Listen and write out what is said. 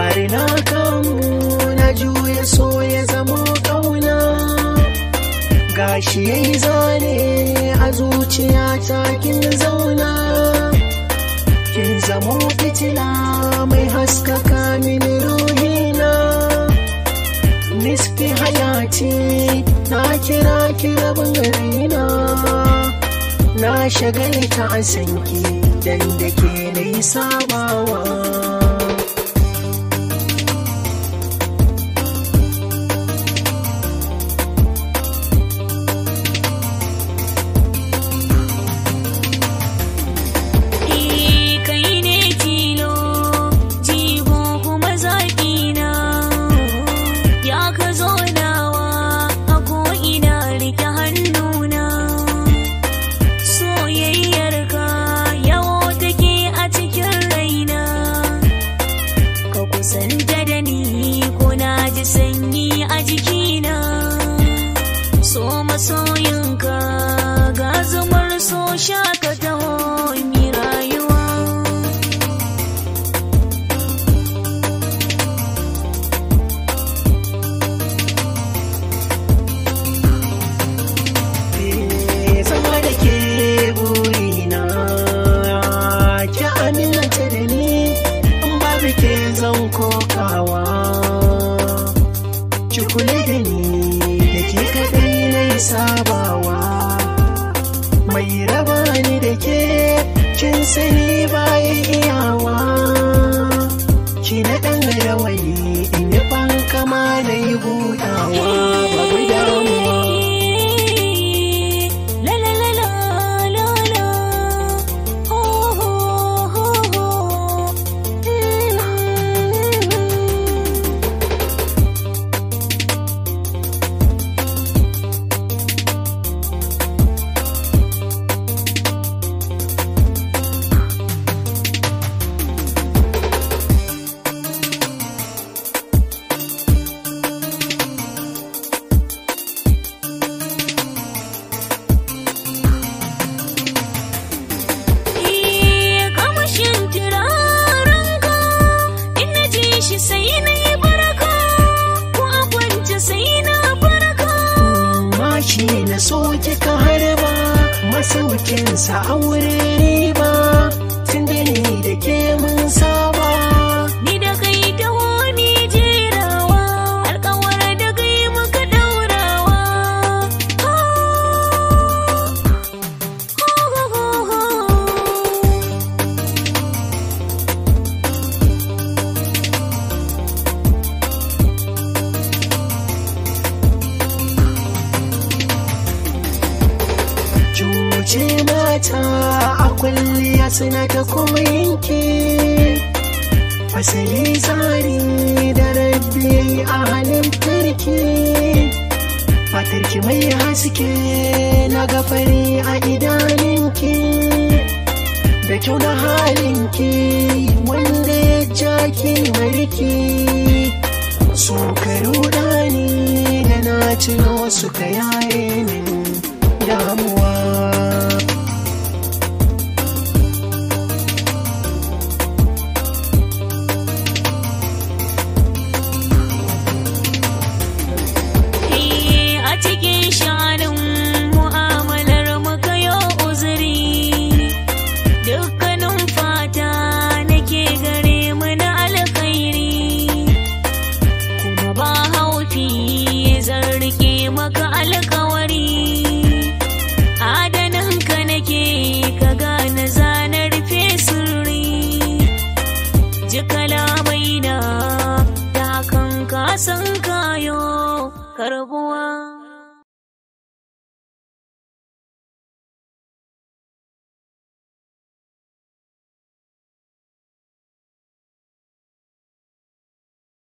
fari na kamu na juya so ya zamo kauna gashi ya yi zane a zuciyata kin zauna kin zamo fitila mai haskaka min ruhina nisfi hayati na kira kira bangarina na shagalta a sanki dan da ke na sabawa ji sanyi a jikina so masoyinka ga zumar so shaka kula da ni da ke kaɗai na sabawa mai raba ni da ke kin sani bayan iyawa da so kika harba masaukinsa aure riba tun da ni da ke mun ce mata a kwalliya suna ta kuma yanke fasali tsari da rabbi a halin a fatarki mai haske na gafari a idaninki da kyau na halinki wanda